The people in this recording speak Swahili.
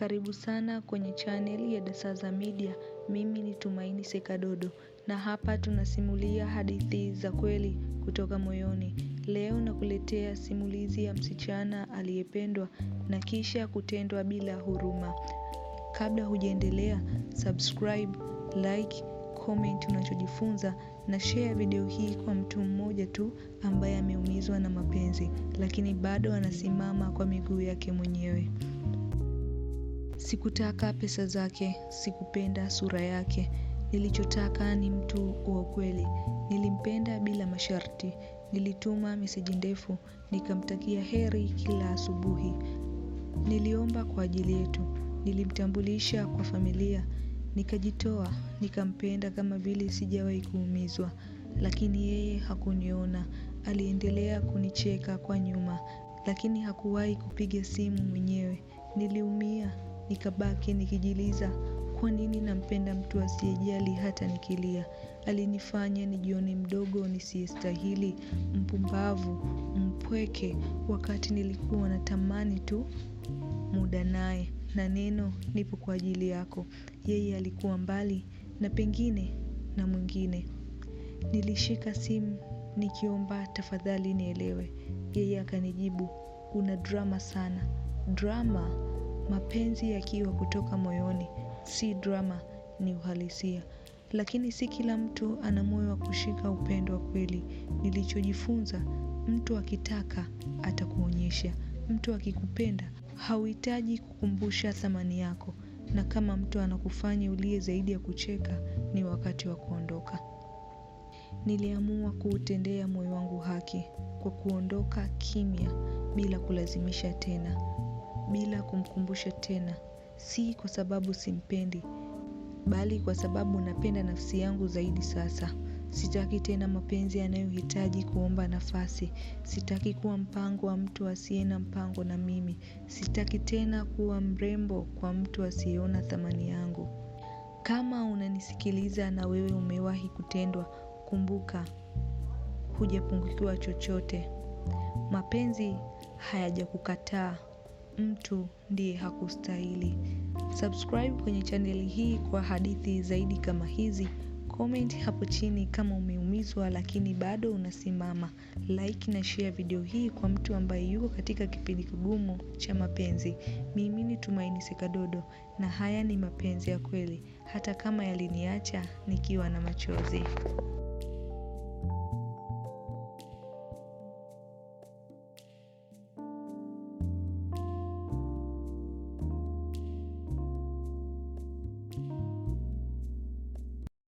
Karibu sana kwenye chaneli ya Dasaza Media. Mimi ni Tumaini Sekadodo na hapa tunasimulia hadithi za kweli kutoka moyoni. Leo nakuletea simulizi ya msichana aliyependwa na kisha kutendwa bila huruma. Kabla hujaendelea, subscribe, like, comment unachojifunza na share video hii kwa mtu mmoja tu ambaye ameumizwa na mapenzi lakini bado anasimama kwa miguu yake mwenyewe. Sikutaka pesa zake, sikupenda sura yake, nilichotaka ni mtu wa ukweli, nilimpenda bila masharti, nilituma meseji ndefu, nikamtakia heri kila asubuhi. Niliomba kwa ajili yetu, nilimtambulisha kwa familia, nikajitoa, nikampenda kama vile sijawahi kuumizwa, lakini yeye hakuniona, aliendelea kunicheka kwa nyuma, lakini hakuwahi kupiga simu mwenyewe, niliumia nikabaki nikijiliza kwa nini nampenda mtu asiyejali hata nikilia. Alinifanya nijione mdogo nisiyestahili, mpumbavu, mpweke, wakati nilikuwa natamani tu muda naye na neno nipo kwa ajili yako. Yeye alikuwa mbali na pengine na mwingine. Nilishika simu nikiomba tafadhali nielewe. Yeye akanijibu, una drama sana. Drama Mapenzi yakiwa kutoka moyoni, si drama, ni uhalisia. Lakini si kila mtu ana moyo wa kushika upendo wa kweli. Nilichojifunza, mtu akitaka atakuonyesha. Mtu akikupenda hauhitaji kukumbusha thamani yako, na kama mtu anakufanya ulie zaidi ya kucheka, ni wakati wa kuondoka. Niliamua kuutendea moyo wangu haki kwa kuondoka kimya bila kulazimisha tena bila kumkumbusha tena, si kwa sababu simpendi, bali kwa sababu napenda nafsi yangu zaidi sasa. Sitaki tena mapenzi yanayohitaji kuomba nafasi. Sitaki kuwa mpango wa mtu asiye na mpango na mimi. Sitaki tena kuwa mrembo kwa mtu asiyeona thamani yangu. Kama unanisikiliza na wewe umewahi kutendwa, kumbuka hujapungukiwa chochote. Mapenzi hayajakukataa, mtu ndiye hakustahili. Subscribe kwenye chaneli hii kwa hadithi zaidi kama hizi. Comment hapo chini kama umeumizwa lakini bado unasimama. Like na share video hii kwa mtu ambaye yuko katika kipindi kigumu cha mapenzi. Mimi ni Tumaini Sekadodo na haya ni mapenzi ya kweli, hata kama yaliniacha nikiwa na machozi.